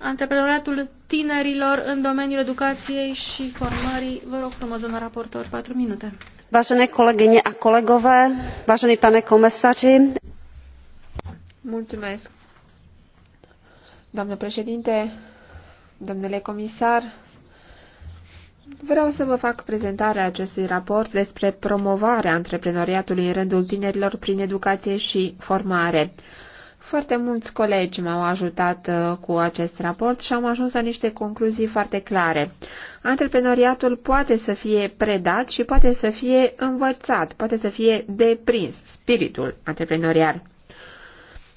antreprenoriatul tinerilor în domeniul educației și formării. Vă rog frumos, domnul raportor, patru minute. Vážené kolegyně a kolegové, vážený pane komisaři. Mulțumesc. Doamnă președinte, domnule comisar, vreau să vă fac prezentarea acestui raport despre promovarea antreprenoriatului în rândul tinerilor prin educație și formare. Foarte mulți colegi m-au ajutat uh, cu acest raport și am ajuns la niște concluzii foarte clare. Antreprenoriatul poate să fie predat și poate să fie învățat, poate să fie deprins, spiritul antreprenorial.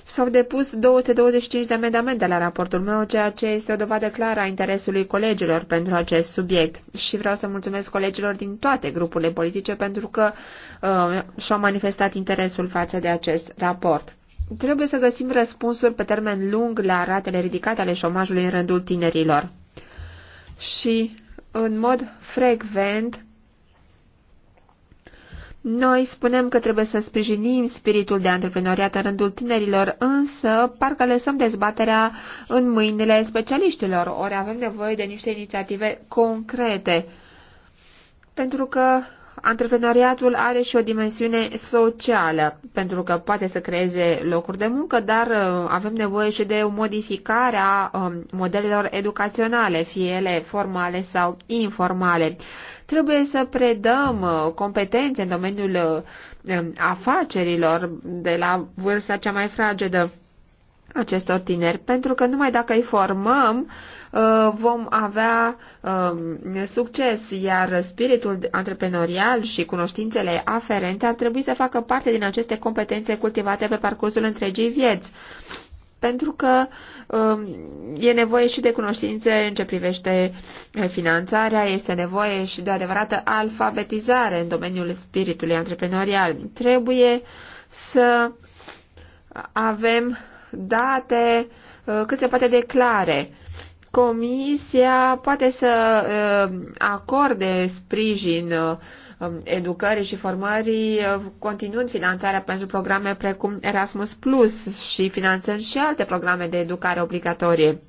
S-au depus 225 de amendamente la raportul meu, ceea ce este o dovadă clară a interesului colegilor pentru acest subiect. Și vreau să mulțumesc colegilor din toate grupurile politice pentru că uh, și-au manifestat interesul față de acest raport. Trebuie să găsim răspunsuri pe termen lung la ratele ridicate ale șomajului în rândul tinerilor. Și, în mod frecvent, noi spunem că trebuie să sprijinim spiritul de antreprenoriat în rândul tinerilor, însă parcă lăsăm dezbaterea în mâinile specialiștilor, ori avem nevoie de niște inițiative concrete. Pentru că antreprenoriatul are și o dimensiune socială, pentru că poate să creeze locuri de muncă, dar uh, avem nevoie și de modificarea um, modelelor educaționale, fie ele formale sau informale. Trebuie să predăm uh, competențe în domeniul uh, afacerilor de la vârsta cea mai fragedă acestor tineri, pentru că numai dacă îi formăm uh, vom avea um, succes, iar spiritul antreprenorial și cunoștințele aferente ar trebui să facă parte din aceste competențe cultivate pe parcursul întregii vieți. Pentru că um, e nevoie și de cunoștințe în ce privește uh, finanțarea, este nevoie și de o adevărată alfabetizare în domeniul spiritului antreprenorial. Trebuie să avem date uh, cât se poate declare. Comisia poate să uh, acorde sprijin uh, um, educării și formării, continuând finanțarea pentru programe precum Erasmus Plus și finanțând și alte programe de educare obligatorie.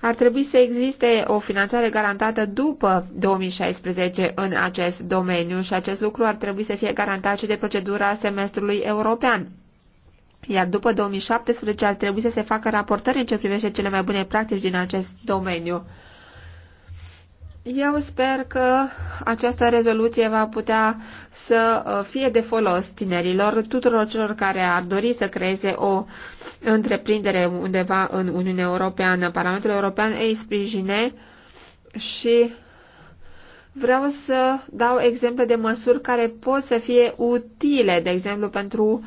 Ar trebui să existe o finanțare garantată după 2016 în acest domeniu și acest lucru ar trebui să fie garantat și de procedura semestrului european iar după 2017 ar trebui să se facă raportări în ce privește cele mai bune practici din acest domeniu. Eu sper că această rezoluție va putea să uh, fie de folos tinerilor, tuturor celor care ar dori să creeze o întreprindere undeva în Uniunea Europeană. Parlamentul European ei sprijine și vreau să dau exemple de măsuri care pot să fie utile, de exemplu, pentru uh,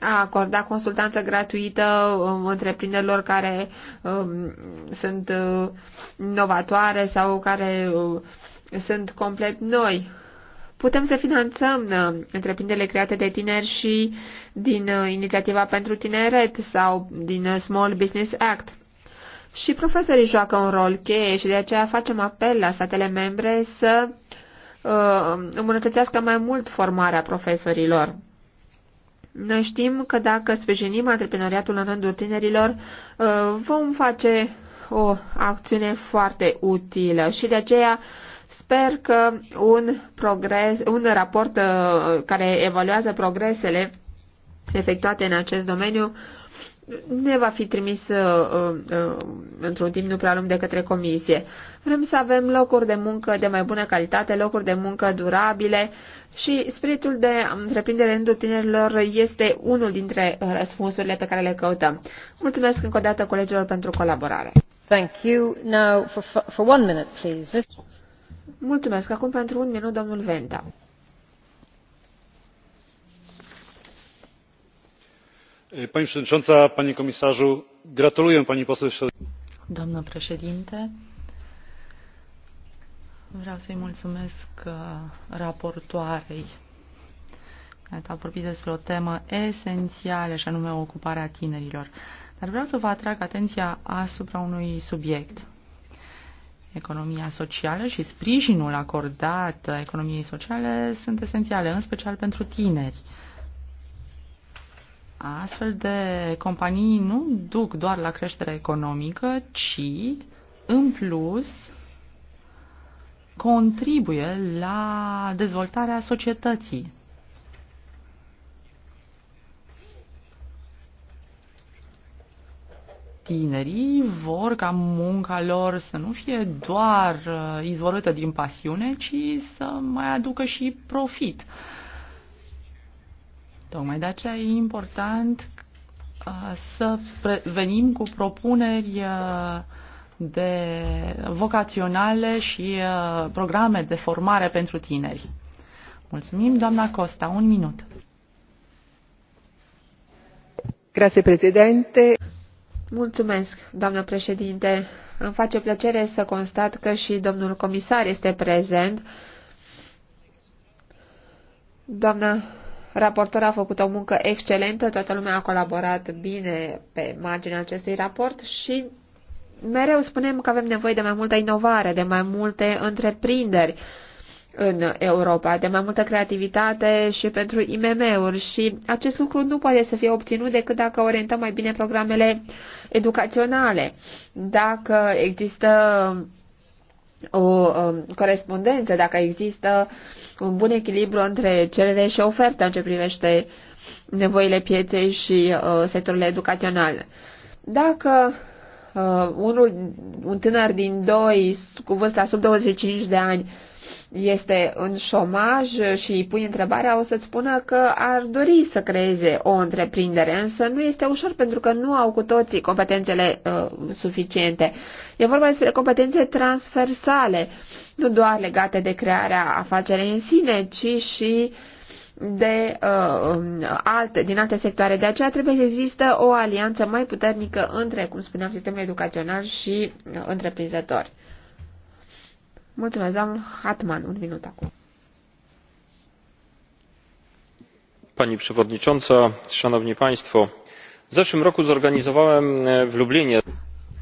a acorda consultanță gratuită um, întreprinderilor care um, sunt uh, novatoare sau care uh, sunt complet noi. Putem să finanțăm uh, întreprinderile create de tineri și din uh, inițiativa pentru tineret sau din uh, Small Business Act. Și profesorii joacă un rol cheie și de aceea facem apel la statele membre să uh, îmbunătățească mai mult formarea profesorilor. Noi știm că dacă sprijinim antreprenoriatul în rândul tinerilor, uh, vom face o acțiune foarte utilă și de aceea sper că un, progres, un raport uh, care evaluează progresele efectuate în acest domeniu ne va fi trimis uh, uh, într-un timp nu prea lung de către comisie. Vrem să avem locuri de muncă de mai bună calitate, locuri de muncă durabile și spiritul de întreprindere în tinerilor este unul dintre uh, răspunsurile pe care le căutăm. Mulțumesc încă o dată colegilor pentru colaborare. Thank you. Now for, for one minute, please. Mulțumesc. Acum pentru un minut, domnul Venta. pani przewodnicząca! panie komisarzu! gratuluję pani poseł doamnă președinte vreau să i mulțumesc uh, raportoarei. A vorbit despre o temă esențială și anume ocuparea tinerilor. Dar vreau să vă atrag atenția asupra unui subiect. Economia socială și sprijinul acordat economiei sociale sunt esențiale, în special pentru tineri. Astfel de companii nu duc doar la creșterea economică, ci, în plus, contribuie la dezvoltarea societății. Tinerii vor ca munca lor să nu fie doar uh, izvorâtă din pasiune, ci să mai aducă și profit. Uh, Tocmai de aceea e important uh, să venim cu propuneri uh, de vocaționale și uh, programe de formare pentru tineri. Mulțumim, doamna Costa. Un minut. Grazie, președinte. Mulțumesc, doamnă președinte. Îmi face plăcere să constat că și domnul comisar este prezent. Doamna Raportorul a făcut o muncă excelentă, toată lumea a colaborat bine pe marginea acestui raport și mereu spunem că avem nevoie de mai multă inovare, de mai multe întreprinderi în Europa, de mai multă creativitate și pentru IMM-uri și acest lucru nu poate să fie obținut decât dacă orientăm mai bine programele educaționale, dacă există o um, corespondență, dacă există un bun echilibru între cerere și ofertă în ce privește nevoile pieței și uh, sectorul educațional. Dacă uh, unul, un tânăr din doi cu vârsta sub 25 de ani este în șomaj și îi pui întrebarea, o să-ți spună că ar dori să creeze o întreprindere, însă nu este ușor pentru că nu au cu toții competențele uh, suficiente. E vorba despre competențe transversale, nu doar legate de crearea afacerii în sine, ci și uh, de, uh, um, alte, din alte sectoare. De aceea trebuie să există o alianță mai puternică între, cum spuneam, sistemul educațional și uh, întreprinzători. Mulțumesc, domnul Hatman. Un minut acum. Pani Przewodnicząca, Szanowni Państwo, w zeszłym roku zorganizowałem w Lublinie.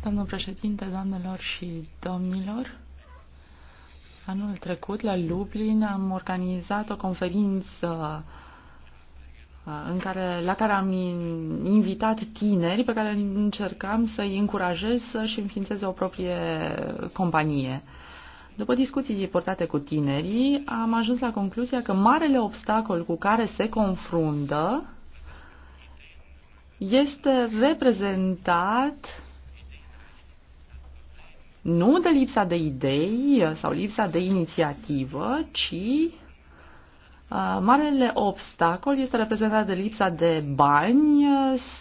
Doamnă președinte, doamnelor și domnilor, Anul trecut, la Lublin, am organizat o conferință uh, în care, la care am invitat tineri pe care încercam să-i încurajez să-și înființeze o proprie companie. După discuții portate cu tinerii, am ajuns la concluzia că marele obstacol cu care se confruntă este reprezentat nu de lipsa de idei sau lipsa de inițiativă, ci uh, Marele obstacol este reprezentat de lipsa de bani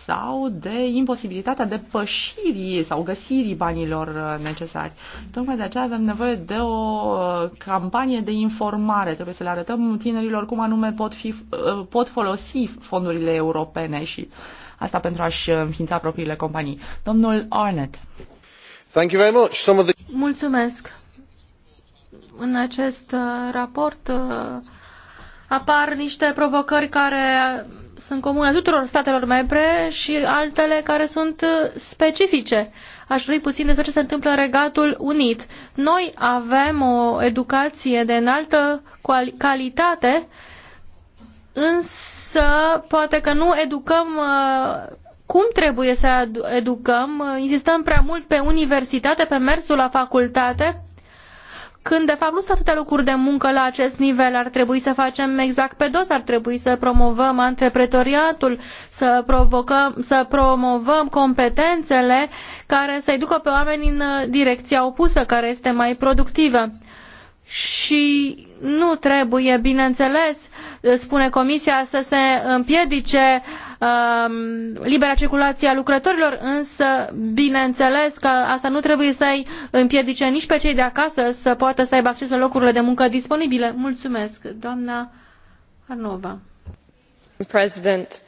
sau de imposibilitatea de pășirii sau găsirii banilor uh, necesari. Tocmai de aceea avem nevoie de o uh, campanie de informare. Trebuie să le arătăm tinerilor cum anume pot, fi, pot folosi fondurile europene și asta pentru a-și înființa propriile companii. Domnul Arnett. Mulțumesc. În acest uh, raport uh, apar niște provocări care sunt comune tuturor statelor membre și altele care sunt uh, specifice. Aș vrea puțin despre ce se întâmplă în Regatul Unit. Noi avem o educație de înaltă calitate, însă poate că nu educăm cum trebuie să educăm? Insistăm prea mult pe universitate, pe mersul la facultate, când de fapt nu sunt atâtea lucruri de muncă la acest nivel. Ar trebui să facem exact pe dos, ar trebui să promovăm antreprenoriatul, să, provocăm, să promovăm competențele care să educă pe oameni în direcția opusă, care este mai productivă. Și nu trebuie, bineînțeles, spune Comisia, să se împiedice uh, Um, libera circulație a lucrătorilor, însă bineînțeles că asta nu trebuie să-i împiedice nici pe cei de acasă să poată să aibă acces la locurile de muncă disponibile. Mulțumesc, doamna Arnova. President.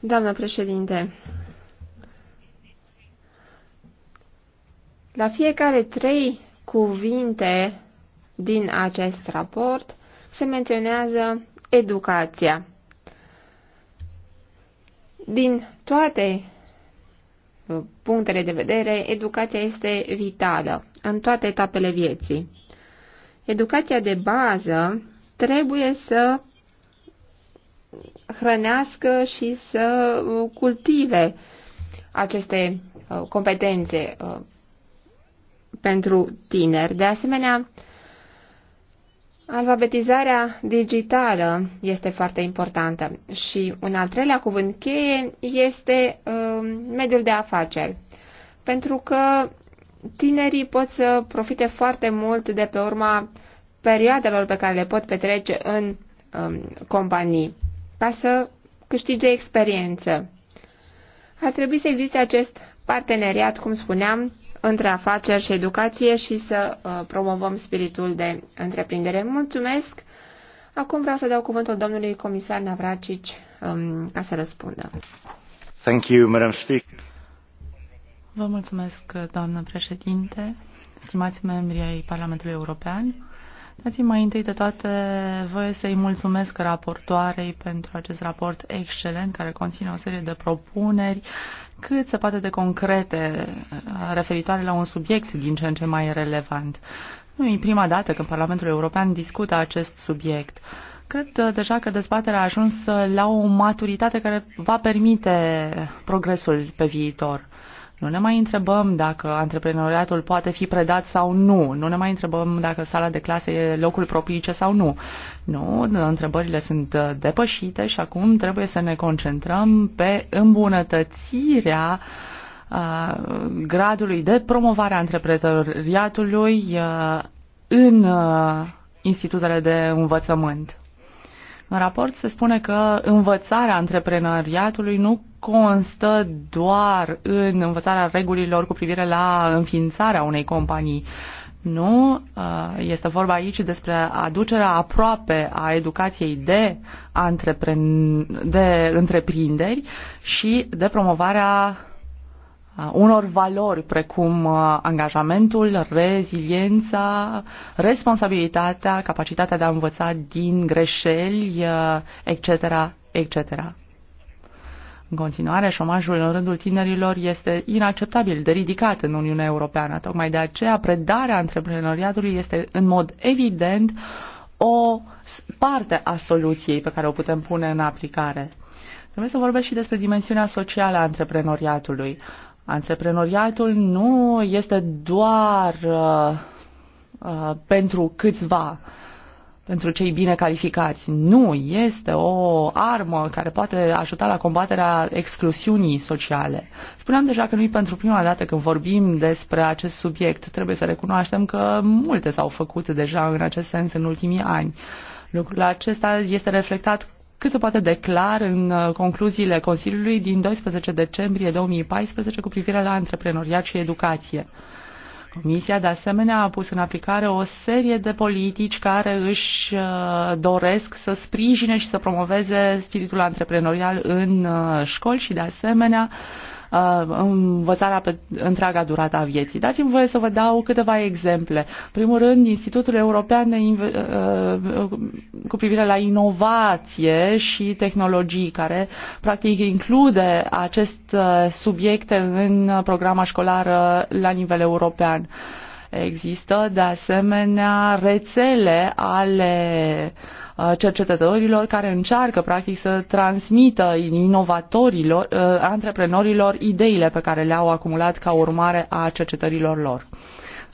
Doamnă președinte, la fiecare trei cuvinte din acest raport se menționează educația. Din toate uh, punctele de vedere, educația este vitală în toate etapele vieții. Educația de bază trebuie să hrănească și să uh, cultive aceste uh, competențe pentru tineri. De asemenea, Alfabetizarea digitală este foarte importantă și un al treilea cuvânt cheie este uh, mediul de afaceri, pentru că tinerii pot să profite foarte mult de pe urma perioadelor pe care le pot petrece în um, companii ca să câștige experiență. Ar trebui să existe acest parteneriat, cum spuneam, între afaceri și educație și să uh, promovăm spiritul de întreprindere. Mulțumesc! Acum vreau să dau cuvântul domnului comisar Navracici um, ca să răspundă. Thank you, Madam Speaker. Vă mulțumesc, doamnă președinte, stimați membri ai Parlamentului European. Dați-mi mai întâi de toate voie să-i mulțumesc raportoarei pentru acest raport excelent care conține o serie de propuneri cât se poate de concrete uh, referitoare la un subiect din ce în ce mai relevant. Nu e prima dată când Parlamentul European discută acest subiect. Cred uh, deja că dezbaterea a ajuns la o maturitate care va permite progresul pe viitor. Nu ne mai întrebăm dacă antreprenoriatul poate fi predat sau nu. Nu ne mai întrebăm dacă sala de clase e locul propice sau nu. Nu, întrebările sunt uh, depășite și acum trebuie să ne concentrăm pe îmbunătățirea uh, gradului de promovare a antreprenoriatului uh, în institutele de învățământ. În raport se spune că învățarea antreprenoriatului nu constă doar în învățarea regulilor cu privire la înființarea unei companii. Nu, uh, este vorba aici despre aducerea aproape a educației de, antrepren- de întreprinderi și de promovarea unor valori precum uh, angajamentul, reziliența, responsabilitatea, capacitatea de a învăța din greșeli, etc., uh, etc. În continuare, șomajul în rândul tinerilor este inacceptabil de ridicat în Uniunea Europeană. Tocmai de aceea, predarea antreprenoriatului este în mod evident o parte a soluției pe care o putem pune în aplicare. Trebuie să vorbesc și despre dimensiunea socială a antreprenoriatului. Uh, Antreprenoriatul nu este doar uh, uh, pentru câțiva, pentru cei bine calificați. Nu, este o armă care poate ajuta la combaterea exclusiunii sociale. Spuneam deja că nu e pentru prima dată când vorbim despre acest subiect. Trebuie să recunoaștem că multe s-au făcut deja în acest sens în ultimii ani. Lucrul acesta este reflectat cât se poate declar în uh, concluziile Consiliului din 12 decembrie 2014 cu privire la antreprenoriat și educație. Comisia, de asemenea, a pus în aplicare o serie de politici care își uh, doresc să sprijine și să promoveze spiritul antreprenorial în uh, școli și, de asemenea, Uh, învățarea pe întreaga durată a vieții. Dați-mi voie să vă dau câteva exemple. Primul rând, Institutul European de Inve- uh, uh, cu privire la inovație și tehnologii, care practic include acest subiecte în programa școlară la nivel european. Uh, Există, de asemenea, rețele ale uh, cercetătorilor care încearcă, practic, să transmită inovatorilor, uh, antreprenorilor ideile pe care le-au acumulat ca urmare a cercetărilor lor.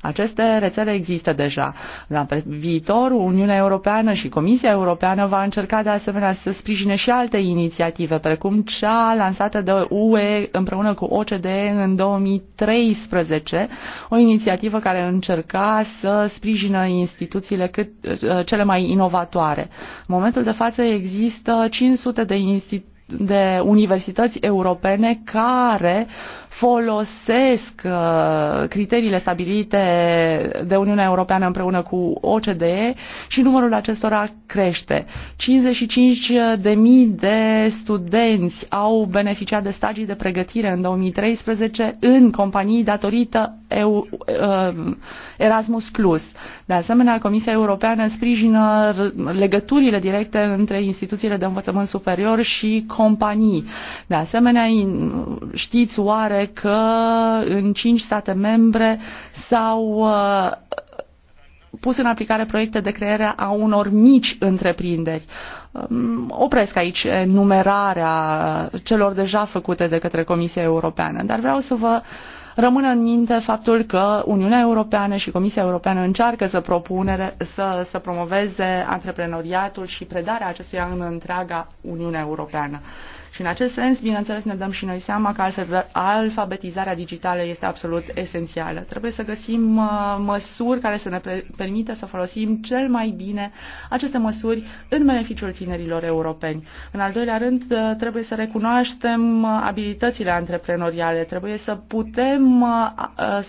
Aceste rețele există deja. La viitor, Uniunea Europeană și Comisia Europeană va încerca de asemenea să sprijine și alte inițiative, precum cea lansată de UE împreună cu OCDE în 2013, o inițiativă care încerca să sprijină instituțiile cât, ă, cele mai inovatoare. În momentul de față există 500 de instituții de universități europene care folosesc uh, criteriile stabilite de Uniunea Europeană împreună cu OCDE și numărul acestora crește. 55.000 de de studenți au beneficiat de stagii de pregătire în 2013 în companii datorită EU, uh, Erasmus+. De asemenea, Comisia Europeană sprijină legăturile directe între instituțiile de învățământ superior și companii. De asemenea, știți oare că în cinci state membre s-au uh, pus în aplicare proiecte de creare a unor mici întreprinderi. Um, opresc aici numerarea celor deja făcute de către Comisia Europeană, dar vreau să vă rămână în minte faptul că Uniunea Europeană și Comisia Europeană încearcă să, propunere, să, să promoveze antreprenoriatul și predarea acestuia în întreaga Uniunea Europeană. Și în acest sens, bineînțeles, ne dăm și noi seama că alfabetizarea digitală este absolut esențială. Trebuie să găsim uh, măsuri care să ne permită să folosim cel mai bine aceste măsuri în beneficiul tinerilor europeni. În al doilea rând, uh, trebuie să recunoaștem uh, abilitățile antreprenoriale, trebuie să putem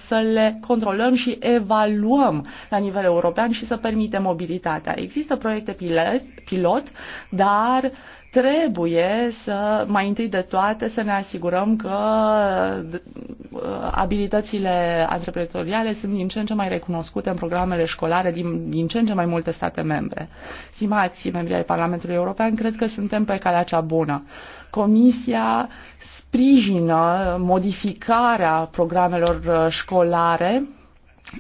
să le controlăm și evaluăm la nivel european și să permitem mobilitatea. Există proiecte pilot, dar trebuie să, mai întâi de toate, să ne asigurăm că uh, abilitățile antreprenoriale sunt din ce în ce mai recunoscute în programele școlare din, din ce în ce mai multe state membre. Simați, membrii ai Parlamentului European, cred că suntem pe calea cea bună. Comisia sprijină modificarea programelor uh, școlare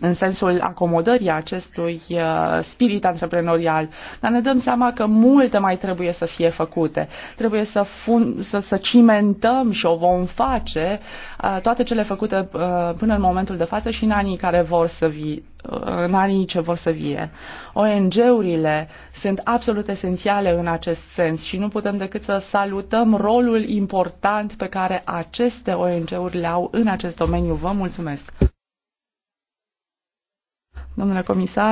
în sensul acomodării acestui uh, spirit antreprenorial, dar ne dăm seama că multe mai trebuie să fie făcute. Trebuie să, fun- să, să cimentăm și o vom face uh, toate cele făcute uh, până în momentul de față și în anii care vor să vii în anii ce vor să vie. ONG-urile sunt absolut esențiale în acest sens și nu putem decât să salutăm rolul important pe care aceste ONG-uri le au în acest domeniu. Vă mulțumesc! domnule comisar